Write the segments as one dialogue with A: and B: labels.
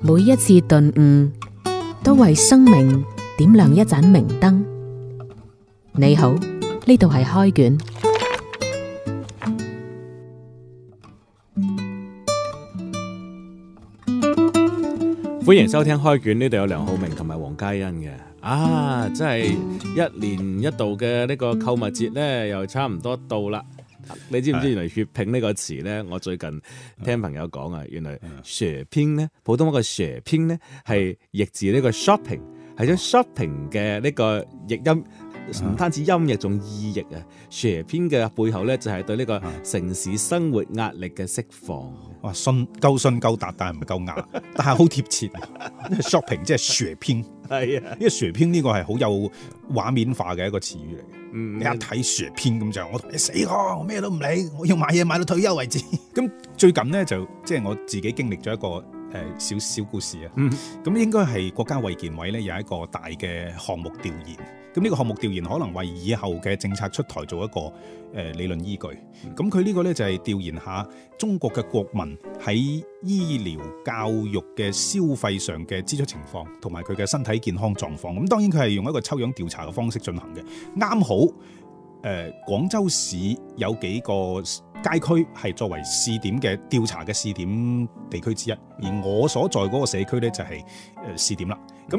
A: 每一次頓悟，都為生命點亮一盞明燈。你好，呢度係開卷，歡迎收聽開卷。呢度有梁浩明同埋黃嘉欣嘅啊，真係一年一度嘅呢個購物節呢，又差唔多到啦。你知唔知原來血拼呢個詞咧？我最近聽朋友講啊，原來蛇拼咧，普通話嘅蛇拼咧係譯自呢個 shopping，係將 shopping 嘅呢個譯音。唔單止音譯仲意譯啊血拼嘅背後
B: 咧就係對呢個城市生活壓力嘅釋放。哇、啊，夠信夠達但係唔夠雅，但係好貼切。shopping 即係血拼，係啊，因為血拼呢個係好有畫面化嘅一個詞語嚟嘅、嗯。你一睇血拼 o p p 咁就我同你死講，我咩都唔理，我要買嘢買到退休為止。咁 最近呢，就即係、就是、我自己經歷咗一個。誒小小故事啊，咁應該係國家衛健委咧有一個大嘅項目調研，咁、這、呢個項目調研可能為以後嘅政策出台做一個誒理論依據。咁佢呢個咧就係調研下中國嘅國民喺醫療教育嘅消費上嘅支出情況，同埋佢嘅身體健康狀況。咁當然佢係用一個抽樣調查嘅方式進行嘅，啱好。誒廣州市有幾個街區係作為試點嘅調查嘅試點地區之一，而我所在嗰個社區咧就係誒試點啦。咁、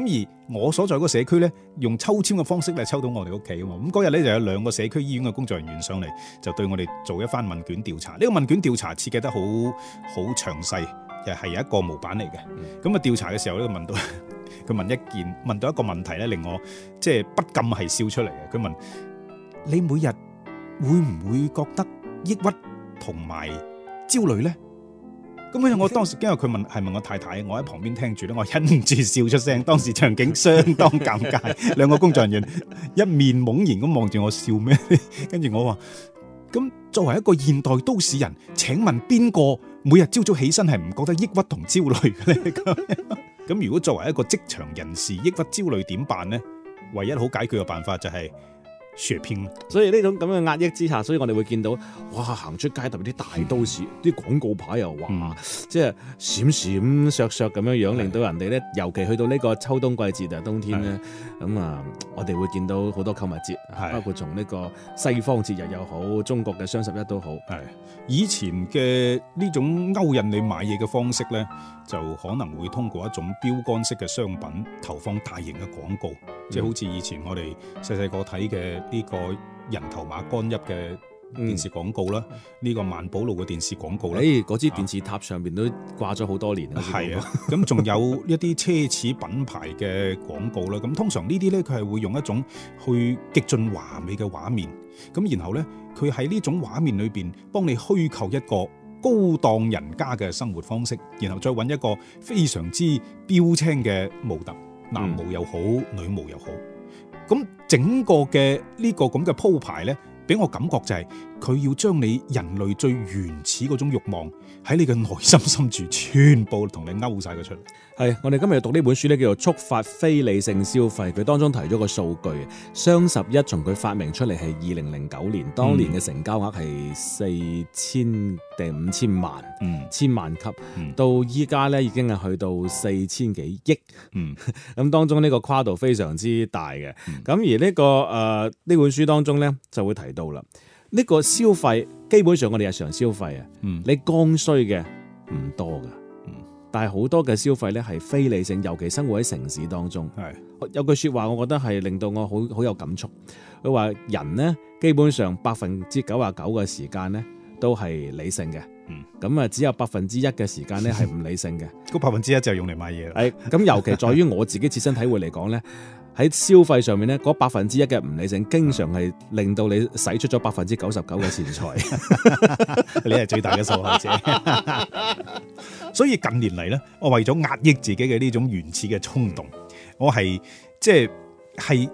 B: 嗯、而我所在嗰個社區咧，用抽籤嘅方式咧抽到我哋屋企啊嘛。咁嗰日咧就有兩個社區醫院嘅工作人員上嚟，就對我哋做一番問卷調查。呢、這個問卷調查設計得好好詳細，又係有一個模板嚟嘅。咁、嗯、啊調查嘅時候咧問到佢問一件問到一個問題咧，令我即係、就是、不禁係笑出嚟嘅。佢問。你每日會唔會覺得抑鬱同埋焦慮咧？咁樣我當時，因為佢問係咪我太太，我喺旁邊聽住咧，我忍唔住笑出聲。當時場景相當尷尬，兩個工作人員一面懵然咁望住我笑咩？跟住我話：咁作為一個現代都市人，請問邊個每日朝早起身係唔覺得抑鬱同焦慮嘅咧？咁如果作為一個職場人士，抑鬱焦慮點辦咧？唯一好解決嘅辦法就係。血拼，所以呢種咁嘅壓抑之下，所以我哋會見
A: 到，哇，行出街特別啲大都市啲、嗯、廣告牌又哇、嗯，即係閃閃爍爍咁樣樣，令到人哋咧，尤其去到呢個秋冬季節啊，冬天咧，咁啊，我哋會見到好多購物節，包括從呢個西方節日又好，中國
B: 嘅雙十一都好。係以前嘅呢種勾引你買嘢嘅方式咧。就可能會通過一種標杆式嘅商品投放大型嘅廣告，嗯、即係好似以前我哋細細個睇嘅呢個人頭馬干邑嘅電視廣告啦，呢個萬寶路嘅電視廣告，誒、嗯、嗰、這個欸、支電視塔上面都掛咗好多年啦，係啊，咁仲、啊、有一啲奢侈品牌嘅廣告啦，咁 通常呢啲呢，佢係會用一種去極盡華美嘅畫面，咁然後呢，佢喺呢種畫面裏邊幫你虛構一個。高檔人家嘅生活方式，然後再揾一個非常之標青嘅模特，男模又好、嗯，女模又好，咁整個嘅呢個咁嘅鋪排呢，俾我感覺就係、是。佢要將你人類最原始嗰種欲望喺你嘅內心深處，全部同你勾晒佢出嚟。係我哋今日讀呢本書呢，叫做《觸發非理性消費》。佢當中
A: 提咗個數據，雙十一從佢發明出嚟係二零零九年，當年嘅成交額係四千定五千萬，嗯，千萬級，到依家呢，已經係去到四千幾億，嗯，咁 當中呢個跨度非常之大嘅。咁、嗯、而呢、呢個誒呢、呃、本書當中呢，就會提到啦。呢、這個消費基本上我哋日常消費啊、嗯，你剛需嘅唔多噶、嗯，但係好多嘅消費咧係非理性，尤其生活喺城市當中係。有句說話，我覺得係令到我好好有感觸。佢話人咧，基本上百分之九十九嘅時間咧都係理性嘅，咁、嗯、啊只有百分之一嘅時間咧係唔理性嘅。嗰百分之一就用嚟買嘢啦。係咁，尤其在於我自己切身體會嚟講咧。 喺消費上面咧，嗰百分之一嘅唔理性，經常係令到你使出咗百分之九十九嘅錢財
B: 你係最大嘅受害者。所以近年嚟咧，我為咗壓抑自己嘅呢種原始嘅衝動，嗯、我係即係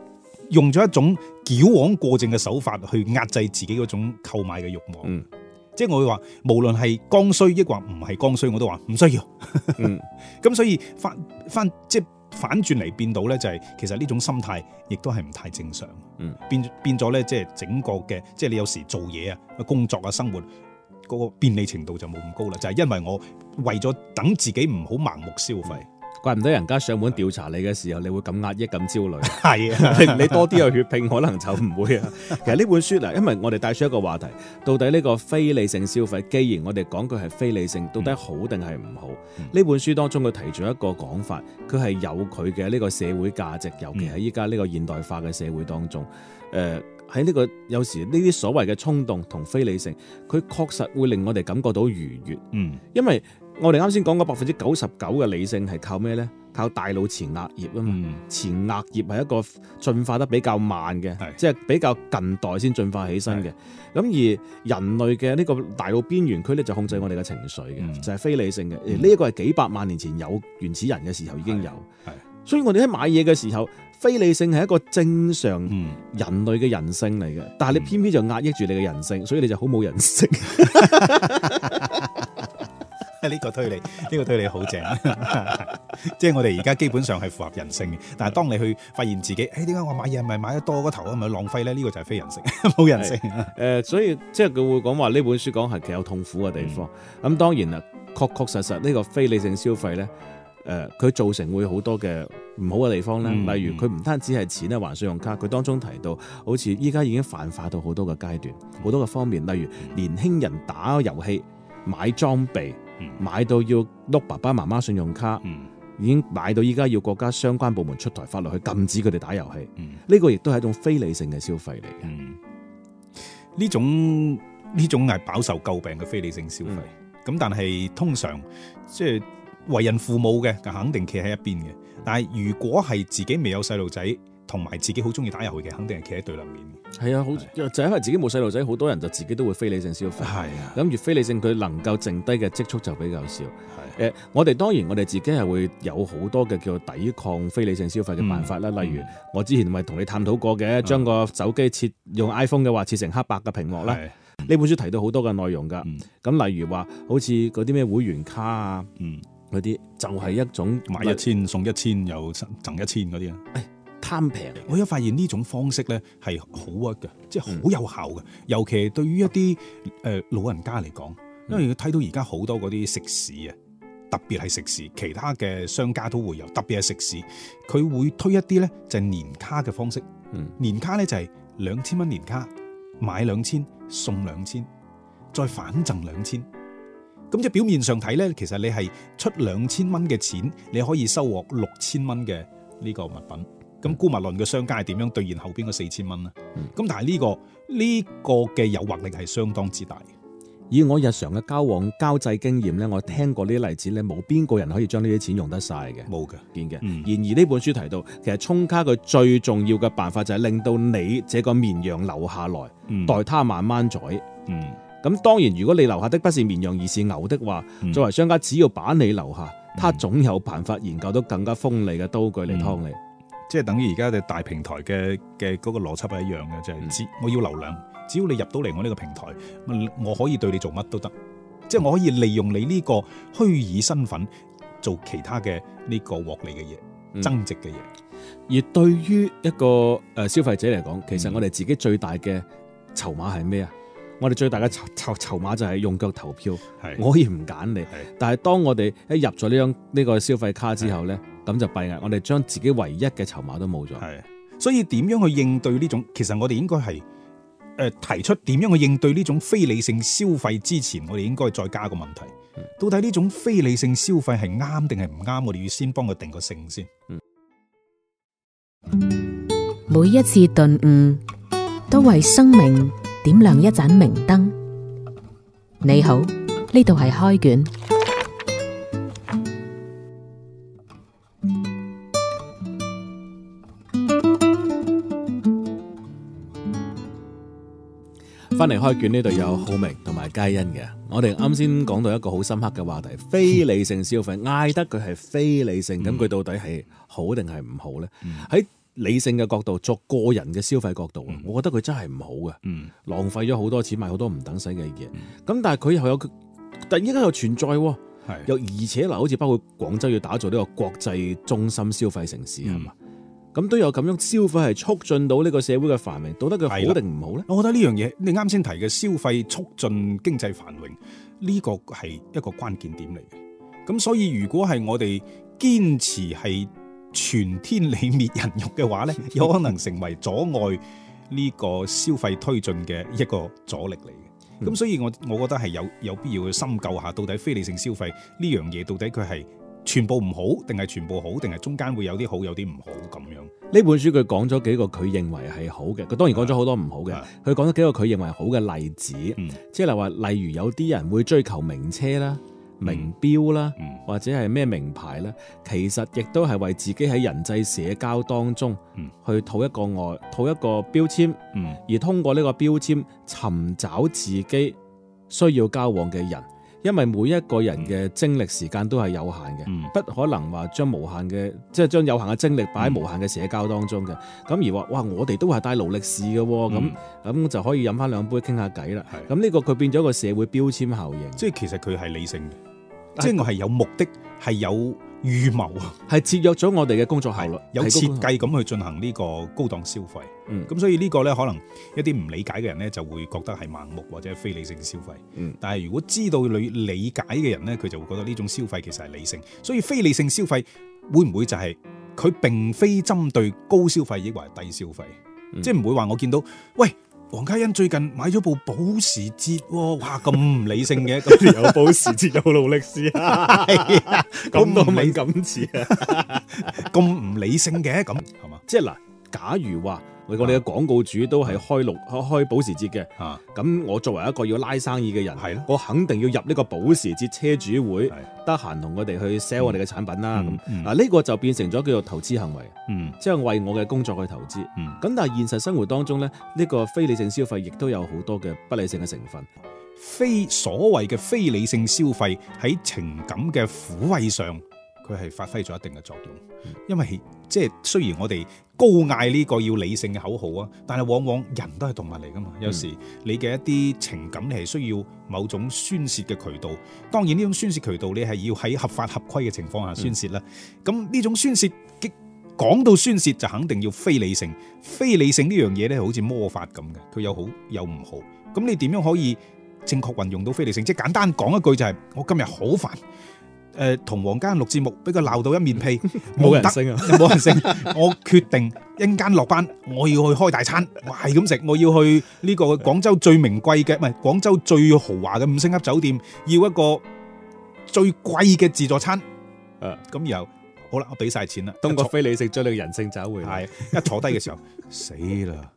B: 用咗一種矯枉過正嘅手法去壓制自己嗰種購買嘅欲望。即、嗯、係我會話，無論係剛需抑或唔係剛需，我都話唔需要。嗯， 咁所以翻翻即係。反轉嚟變到咧，就係其實呢種心態亦都係唔太正常。嗯，變，變咗咧，即係整個嘅，即係你有時做嘢啊、工作啊、生活嗰個便利程度就冇咁高啦。就係因為我為咗等自己唔好盲目消費。嗯怪唔得人家上門調查你嘅時候，你會咁壓抑、咁焦慮。
A: 係啊， 你多啲有血拼， 可能就唔會啊。其實呢本書嗱，因為我哋帶出一個話題，到底呢個非理性消費，既然我哋講佢係非理性，到底好定係唔好？嗯、呢本書當中佢提咗一個講法，佢係有佢嘅呢個社會價值，尤其係依家呢個現代化嘅社會當中，誒喺呢個有時呢啲所謂嘅衝動同非理性，佢確實會令我哋感覺到愉悅。嗯，因為。我哋啱先講嗰百分之九十九嘅理性係靠咩咧？靠大腦前額葉啊嘛，前額葉係一個進化得比較慢嘅，即係、就是、比較近代先進化起身嘅。咁而人類嘅呢個大腦邊緣區咧，就控制我哋嘅情緒嘅、嗯，就係、是、非理性嘅。而呢、嗯、一個係幾百萬年前有原始人嘅時候已經有。係，所以我哋喺買嘢嘅時候，非理性係一個正常人類嘅人性嚟嘅。但係你偏偏就壓抑住你嘅人性，所以你就好
B: 冇人性。嗯 呢、這個推理，呢、這個推理好正。即 係我哋而家基本上係符合人性嘅。但係當你去發現自己，誒點解我買嘢係咪買得多過頭啊？咪浪費咧？呢、這個就係非人性，冇人性。誒、呃，所以即係佢
A: 會講話呢本書講係幾有痛苦嘅地方。咁、嗯嗯、當然啦，確確實實呢、這個非理性消費咧，誒、呃、佢造成會有好多嘅唔好嘅地方咧、嗯。例如佢唔單止係錢啊，還信用卡。佢當中提到，好似依家已經泛化到好多嘅階段，好多嘅方面。例如年輕人打遊戲買裝備。買到要碌爸爸媽媽信用卡、嗯，已經買到依家要國家相關部門出台法律去禁止佢哋打遊戲，
B: 呢、嗯呢個亦都係一種非理性嘅消費嚟嘅。呢、嗯、種呢種係飽受詬病嘅非理性消費。咁、嗯、但係通常即係、即係、為人父母嘅，就肯定企喺一邊嘅。但係如果係自己未有細路仔同埋自己好中意打遊戲嘅，肯定係企喺對立面。
A: 係啊，好、
B: 啊、就係、因為自己冇細路仔，好、啊、多人就自己都會
A: 非理性消費。係啊，咁而非理性佢能夠剩低嘅積蓄就比較少。係誒、啊呃啊，我哋當然我哋自己係會有好多嘅叫抵抗非理性消費嘅辦法啦、嗯。例如我之前咪同你探討過嘅、嗯，將個手機設用 iPhone 嘅話，設成黑白嘅屏幕咧。呢、啊、本書提到好多嘅內容㗎。咁、嗯、例如話，好似嗰啲咩會員卡啊，嗰、嗯、
B: 啲就係、是、一種買一千送一千又贈一千嗰啲啊。
A: 貪平，
B: 我一發現呢種方式咧係好 work 嘅，即係好有效嘅、嗯。尤其是對於一啲誒、呃、老人家嚟講，因為佢睇到而家好多嗰啲食肆啊、嗯，特別係食肆，其他嘅商家都會有特別係食肆，佢會推一啲咧就係年卡嘅方式。嗯、年卡咧就係兩千蚊年卡，買兩千送兩千，再反贈兩千。咁即係表面上睇咧，其實你係出兩千蚊嘅錢，你可以收穫六千蚊嘅呢個物品。咁沽物論嘅商家係點樣兌現後邊嗰四千蚊呢？咁、嗯、但係呢、這個呢、這個嘅誘惑力係相當之大。以我日常嘅交往交際經驗呢，我聽過呢啲例子咧，冇邊個
A: 人可以將呢啲錢用得晒嘅，冇嘅見嘅、嗯。然而呢本書提到，其實充卡佢最重要嘅辦法就係令到你這個綿羊留下來，待、嗯、他慢慢宰。咁、嗯、當然，如果你留下的不是綿羊，而是牛的話，嗯、作為商家，只要把你留下，
B: 他總有辦法研究到更加鋒利嘅刀具嚟劏你。嗯即係等於而家嘅大平台嘅嘅嗰個邏輯係一樣嘅，就係只我要流量，只要你入到嚟我呢個平台，我可以對你做乜都得，即、嗯、係、就係、我可以利用你呢個虛擬身份做其他嘅呢個獲利嘅嘢、增值嘅嘢。而對於一
A: 個誒消費者嚟講，其實我哋自己最大嘅籌碼係咩啊？我哋最大嘅籌籌籌碼就係用腳投票，我可以唔揀你，但係當我哋一入咗呢張
B: 呢個消費卡之後咧。咁就弊啦！我哋將自己唯一嘅籌碼都冇咗。係，所以點樣去應對呢種？其實我哋應該係誒提出點樣去應對呢種非理性消費之前，我哋應該再加個問題：嗯、到底呢種非理性消費係啱定係唔啱？我哋要先幫佢定個性先。嗯、
A: 每一次頓悟都為生命點亮一盞明燈。你好，呢度係開卷。返嚟開卷，呢度有浩明同埋佳欣嘅，我哋啱先講到一個好深刻嘅話題，非理性消費，嗌得佢係非理性，咁佢到底係好定係唔好咧？喺 理性嘅角度，作個人嘅消費角度，我覺得佢真係唔好嘅， 浪費咗好多錢，買好多唔等使嘅嘢。咁 但係佢又有，突然間又存在，又而且嗱，好似包括廣州要打造呢個國際中心消費城市係嘛。 咁都有咁樣消費係
B: 促進到呢個社會嘅繁榮，到底佢好定唔好咧？我覺得呢樣嘢，你啱先提嘅消費促進經濟繁榮呢個係一個關鍵點嚟嘅。咁所以如果係我哋堅持係存天理滅人欲嘅話咧， 有可能成為阻礙呢個消費推進嘅一個阻力嚟嘅。咁所以我我覺得係有有必要去深究下，到底非理性消費呢樣嘢到底佢係。全部唔好定係全部好定係中間會有啲好有啲唔好咁樣？呢本書佢講咗幾個佢認為係好嘅，佢當然講咗好多唔好嘅。佢講咗幾個佢認為是好嘅例子，
A: 即係例如話，例如有啲人會追求名車啦、名錶啦，或者係咩名牌咧，其實亦都係為自己喺人際社交當中去套一個外套一個標籤，而通過呢個標籤尋找自己需要交往嘅人。因為每一個人嘅精力時間都係有限嘅、嗯，不可能話將無限嘅，即係將有限嘅精力擺喺無限嘅社交當中嘅。咁而話哇，我哋都係帶勞力士嘅，咁、嗯、咁就可以飲翻兩杯傾下偈啦。咁呢個
B: 佢變咗個社會標籤效應。即係其實佢係理性嘅，即係我係有目的，係、哎、有。預謀啊，係節約咗我哋嘅工作效率，有設計咁去進行呢個高檔消費。嗯，咁所以呢個呢，可能一啲唔理解嘅人呢，就會覺得係盲目或者非理性消費。嗯，但係如果知道理理解嘅人呢，佢就會覺得呢種消費其實係理性。所以非理性消費會唔會就係佢並非針對高消費抑或係低消費，嗯、即係唔會話我見到喂。王嘉欣最近買咗部保時捷，哇！咁唔理性嘅，咁 有保時捷有勞力士，咁都未咁似啊！咁唔理性嘅，咁係嘛？即係嗱，假
A: 如話。我哋嘅廣告主都係開六，啊、開保時捷嘅，咁，啊、我作為一個要拉生意嘅人的，我肯定要入呢個保時捷車主會，得閒同我哋去 sell 我哋嘅產品啦。咁嗱，呢個就變成咗叫做投資行為，即、嗯、係、就是、為我嘅工作去投資。咁，嗯、但係現實生活當中咧，呢、這個非理性消費亦都有好多嘅不理性嘅成分。
B: 非所謂嘅非理性消費喺情感嘅撫慰上，佢係發揮咗一定嘅作用，因為即係雖然我哋高嗌呢個要理性嘅口號啊，但係往往人都係動物嚟㗎嘛，有時你嘅一啲情感你係需要某種宣泄嘅渠道。當然呢種宣泄渠道你係要喺合法合規嘅情況下宣泄啦。咁、嗯、呢種宣泄，講到宣泄就肯定要非理性，非理性呢樣嘢咧好似魔法咁嘅，佢有好有唔好。咁你點樣可以正確運用到非理性？即係簡單講一句就係、是：我今日好煩。誒同黃家錄節目，俾佢鬧到一面屁，冇 人得、啊，冇人性。 我決定一陣落班，我要去開大餐，我係咁食。我要去呢個廣州最名貴嘅，唔 係廣州最豪華嘅五星級酒店，要一個最貴嘅自助餐。誒、啊，咁然後好啦，我俾晒錢啦。當個非理性食咗，你人性走回嚟、啊。一坐低嘅時候， 死啦！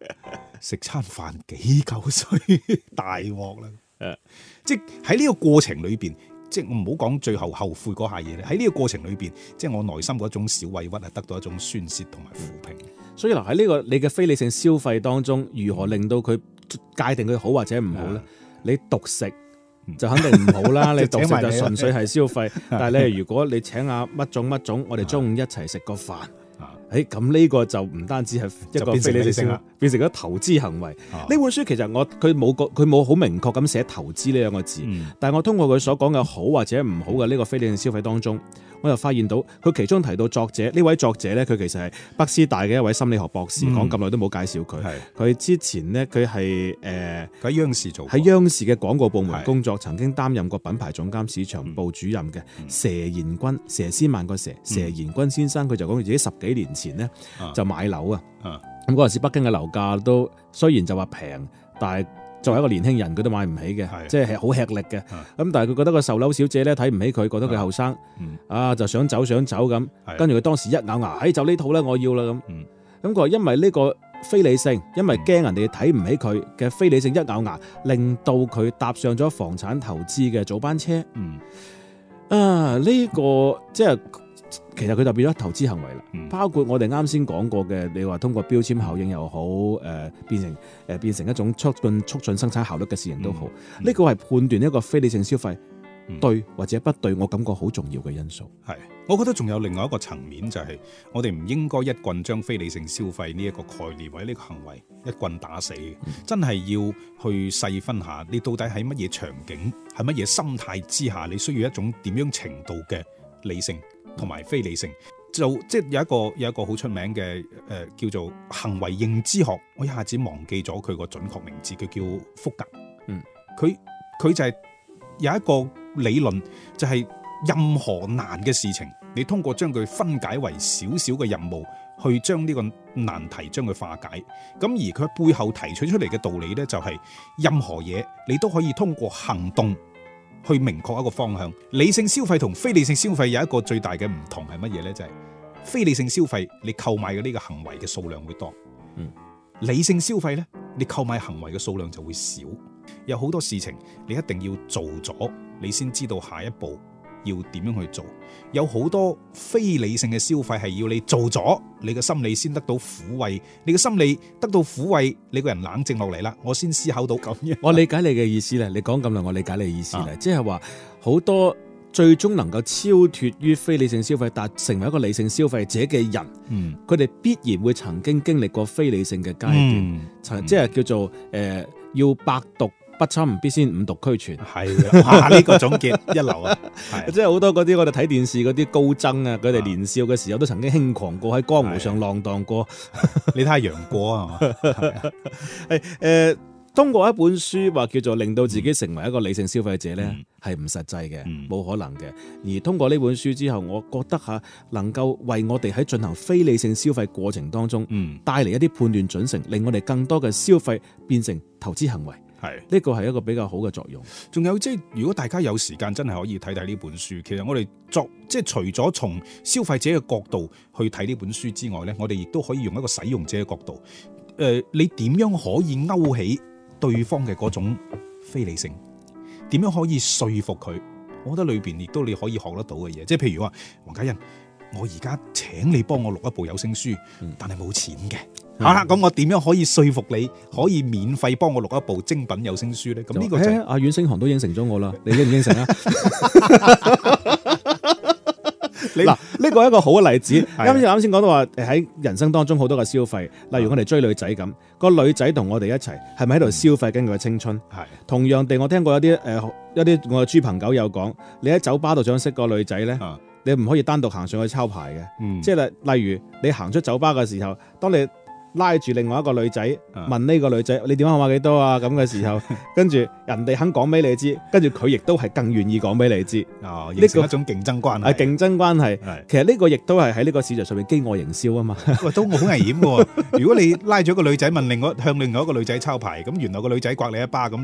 B: 食餐飯幾嚿水， 大鑊啦。誒、啊，即係喺呢個過程裏邊。即係唔好講最後後悔嗰下嘢咧，喺呢個過程裏邊，即係我內心嗰種小委屈係得到一種宣洩同埋撫平。所以嗱，喺呢個
A: 你嘅非理性消費當中，如何令到佢界定佢好或者唔好咧？你獨食就肯定唔好啦，嗯、 你獨食就純粹係消費。 但係你如果你請阿乜種乜種，我哋中午一齊食個飯。咁、哎、呢個就唔單止係一個非理性消費，變成咗投資行為。呢、啊、本書其實我佢冇佢冇好明確咁寫投資呢兩個字，嗯，但我通過佢所講嘅好或者唔好嘅呢，嗯個非理性消費當中，我又發現到佢其中提到作者呢，嗯、位作者咧，佢其實係北師大嘅一位心理學博士，嗯、講咁耐都冇介紹佢。佢之前呢，佢係喺央視做喺央視嘅廣告部門工作，曾經擔任過品牌總監、市場部主任嘅佘賢君，佘、嗯、詩曼個佘，佘賢君先生佢就講自己十幾年前咧就買樓啊，咁嗰陣時北京嘅樓價都雖然就話平，但係作為一個年輕人佢都買唔起嘅，即係好吃力嘅。咁但係佢覺得個售樓小姐咧睇唔起佢，覺得佢後生，啊就想走想走咁，跟住佢當時一咬牙，哎就呢套啦，我要啦咁。咁佢話、嗯、因為呢個非理性，嗯、因為驚人哋睇唔起佢嘅非理性一咬牙，令到佢搭上咗房產投資嘅早班車。嗯，啊呢、這個、嗯、即係。其實佢就變咗投資行為啦，包括我哋啱先講過嘅，你話通過標籤效應又好，誒、呃、變成誒、呃、變成一種促進促進生產效率嘅事情都好。呢、嗯嗯、這個係判斷一個非理性消費對或者不對，嗯、我感覺好重要嘅因素。
B: 係，我覺得仲有另外一個層面就係我哋唔應該一棍將非理性消費呢一個概念或者呢個行為一棍打死、嗯、真係要去細分下你到底喺乜嘢場景、喺乜嘢心態之下，你需要一種點樣程度嘅理性。同埋非理性，就即係有一個有一個好出名嘅誒、呃，叫做行為認知學。我一下子忘記咗佢個準確名字，佢叫福格。嗯，佢佢就係有一個理論，就係、是、任何難嘅事情，你通過將佢分解為小小嘅任務，去將呢個難題將佢化解。咁而佢背後提取出嚟嘅道理咧、就是，就係任何嘢你都可以通過行動。去明確一個方向，理性消費同非理性消費有一個最大嘅唔同係乜嘢呢？就係非理性消費，你購買嘅呢個行為嘅數量會多，嗯，理性消費呢，你購買行為嘅數量就會少。有好多事情你一定要做咗，你先知道下一步。要點樣去做？有好多非理性嘅消費係要你做咗，你嘅心理先得到撫慰，你嘅心理得到撫慰，你個人冷靜落嚟啦，我先思考到咁樣。我理解你嘅意思啦，你
A: 講咁耐，我理解你嘅意思啦，啊，即係話好多最終能夠超脱於非理性消費，但成為一個理性消費者嘅人，嗯，佢哋必然會曾經經歷過非理性嘅階段，嗯，即係叫做誒、呃、要百毒。不差唔必先五毒俱全，係呢個總結一流啊。即係好多嗰啲我哋睇電視嗰啲高僧啊，佢哋年少嘅時候都曾經輕狂過，喺江湖上浪蕩過。是 你睇下楊過啊，係誒、 呃，通過一本書，話叫做令到自己成為一個理性消費者呢，係、嗯、唔實際嘅，冇、嗯、可能嘅。而通過呢本書之後，我覺得吓能夠為我哋喺進行非理性消費過程當中，嗯，帶嚟一啲判斷準繩，令我哋更多嘅消費變成投資行為。係，呢個係一個比較好嘅作
B: 用。仲有即係，如果大家有時間，真係可以睇睇呢本書。其實我哋作即係除咗從消費者嘅角度去睇呢本書之外咧，我哋亦都可以用一個使用者嘅角度。誒、呃，你點樣可以勾起對方嘅嗰種非理性？點樣可以說服佢？我覺得裏邊亦都你可以學得到嘅嘢。即係譬如話，黃家欣，我而家請你幫我錄一部有聲書，但係冇錢嘅。咁、啊，我點樣可以說服你可以免費幫我錄一部精品有聲書咧？咁呢個阿阮星航都應承咗我啦，你應唔應承啊？
A: 你嗱，呢個一個好嘅例子。今日啱先講到話，喺人生當中好多嘅消費，例如我哋追女仔咁，個女仔同我哋一齊，係咪喺度消費緊佢嘅青春？係同樣地，我聽過有啲誒，一啲我嘅豬朋狗友講，你喺酒吧度想識個女仔咧，你唔可以單獨行上去抄牌嘅。即係例，例如你行出酒吧嘅時候，當你拉住另外一個女仔，問呢個女仔：你電話號碼幾多啊？咁嘅時候，跟住人哋肯講俾你知，跟住佢亦都係更願意講俾你知。哦，
B: 形成一種
A: 競爭關係啊，競爭關係。
B: 係，其實呢個亦都係喺呢個市場上面饑餓營銷啊嘛。喂，都好危險嘅。如果你拉住一個女仔問另外向另外一個女仔抄牌，咁原來個女仔刮你一巴，咁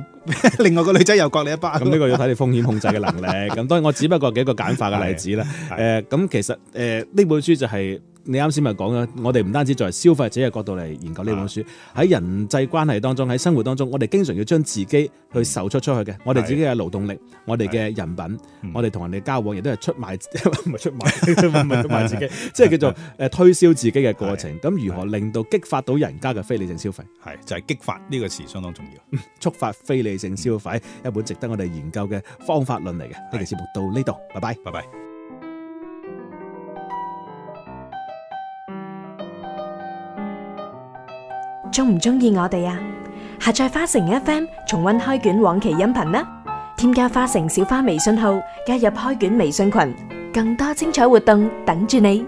B: 另外個女仔
A: 又刮你一巴。咁呢個要睇你風險控制嘅能力。咁當然我只不過幾個簡化嘅例子啦。誒，咁其實誒呢本書就係。你啱先咪講咗，我哋唔單止作為消費者嘅角度嚟研究呢本書，喺人際關係當中，喺生活當中，我哋經常要將自己去售出出去嘅，我哋自己嘅勞動力，我哋嘅人品，我哋同人哋交往亦都係出賣，唔係出賣， 出賣，唔係出賣，唔係出賣自己，即係叫做誒推銷自己嘅過程。咁如何令到激發到人家嘅非理性消費？係就係、是、激發
B: 呢個詞相當重要，
A: 觸發非理性消費、嗯、一本值得我哋研究嘅方法論嚟嘅。呢期節目到呢度，拜拜，拜拜。
B: 鍾唔鍾意我哋啊？下載花城 FM 重溫開卷往期音頻啦！添加花城小花微信號，加入開卷微信群，更多精彩活動等住你。